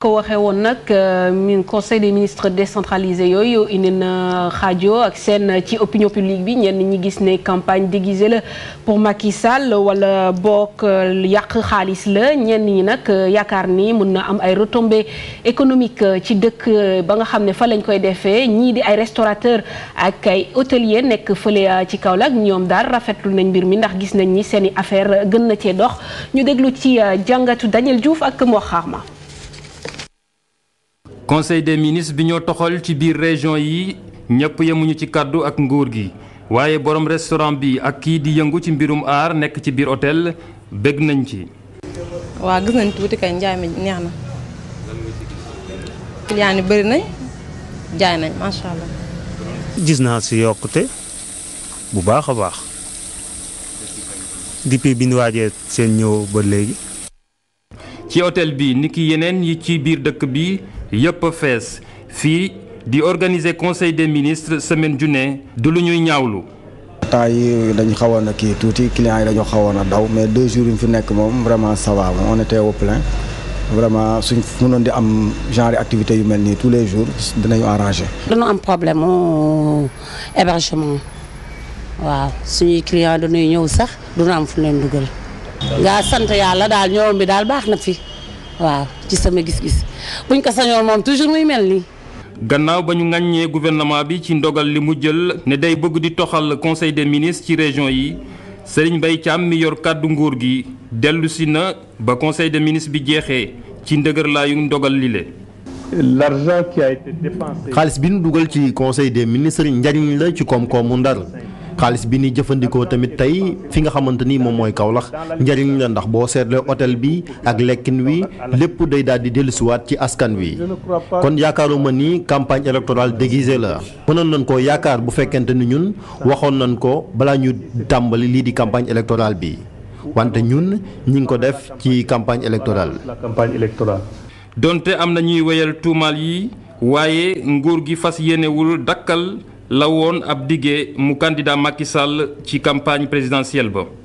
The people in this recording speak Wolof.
ko waxee woon nag euh, mi conseil des ministres décentralisé yooyu indi na xaajo ak seen ci opinion publique bi ñenn ñi gis ne campagne déguisée la pour Macky Sall wala bokk euh, yàq xaalis la ñenn ñi nag euh, yaakaar ni mun na am ay retombées économique ci dëkk ba nga xam ne fa lañ koy defee ñii di ay restaurateurs ak ay hôteliers nekk fële ci Kaolack ñoom daal rafetlu nañ mbir mi ndax gis nañ ni seen i affaire gën na cee dox ñu déglu ci jàngatu Daniel Diouf ak Mor conseil des ministres bi ñoo toxal ci biir région yi ñëpp yemuñu ci kàddu ak nguur gi waaye borom restaurant bi ak kii di yëngu ci mbirum aar nekk ci biir hôtel bëgg nañ ci. waaw gis nañ tuuti kay na. client yi bëri gis naa si yokkute bu baax a baax. depuis bi ñu waajee seen ñëw ba léegi. ci hôtel bi niki yeneen yi ci biir dëkk bi. yëpp a fees fii di organiser conseil des ministres semaine junne du lu ñuy ñaawlu. temps yi dañ xawoon a kii tuuti clients yi dañoo xawoon a daw mais deux jours yi fi nekk moom vraiment ça va moom on était au plein vraiment suñ mënoon di am genre activité yu mel nii tous les jours dinañu arranger. dañu am problème mu hébergement waaw suñuy clients dañuy ñëw sax du ñu am fu leen dugal. nga sant yàlla daal ñoom bi daal baax na fi. waaw ci sama gis-gis buñ ko sañoon moom toujours muy mel nii. gannaaw ba ñu ŋàññee gouvernement bi ci ndogal li mu jël ne day bëgg di toxal conseil des ministres ci région yi Serigne Mbaye Thiam mi yor kàddu nguur gi dellu na ba conseil de ministre bi jeexee ci ndëgërlaayu ndogal li le l'argent qui a été xaalis bi ñu dugal ci conseil des ministres njariñ la ci koom-koomu Ndar. xaalis bi ni jëfandikoo tamit tey fi nga xamante ni moom mooy Kaolack njëriñ la ndax boo seetlee hôtel bi ak lekkin wi lépp day daal di dellusiwaat ci askan wi kon yaakaaruma ni campagne électorale déguisée la mënoon nañ ko yaakaar bu fekkente ni ñun waxoon nañ ko balaa ñu tàmbali lii di campagne électorale bi wante ñun ñi ngi ko def ci campagne électorale. donte am na ñuy wéyal tuumaal yi waaye nguur gi fas yéenewul dakkal la woon ab diggé mu candidat Macky Sall ci campagne présidentielle ba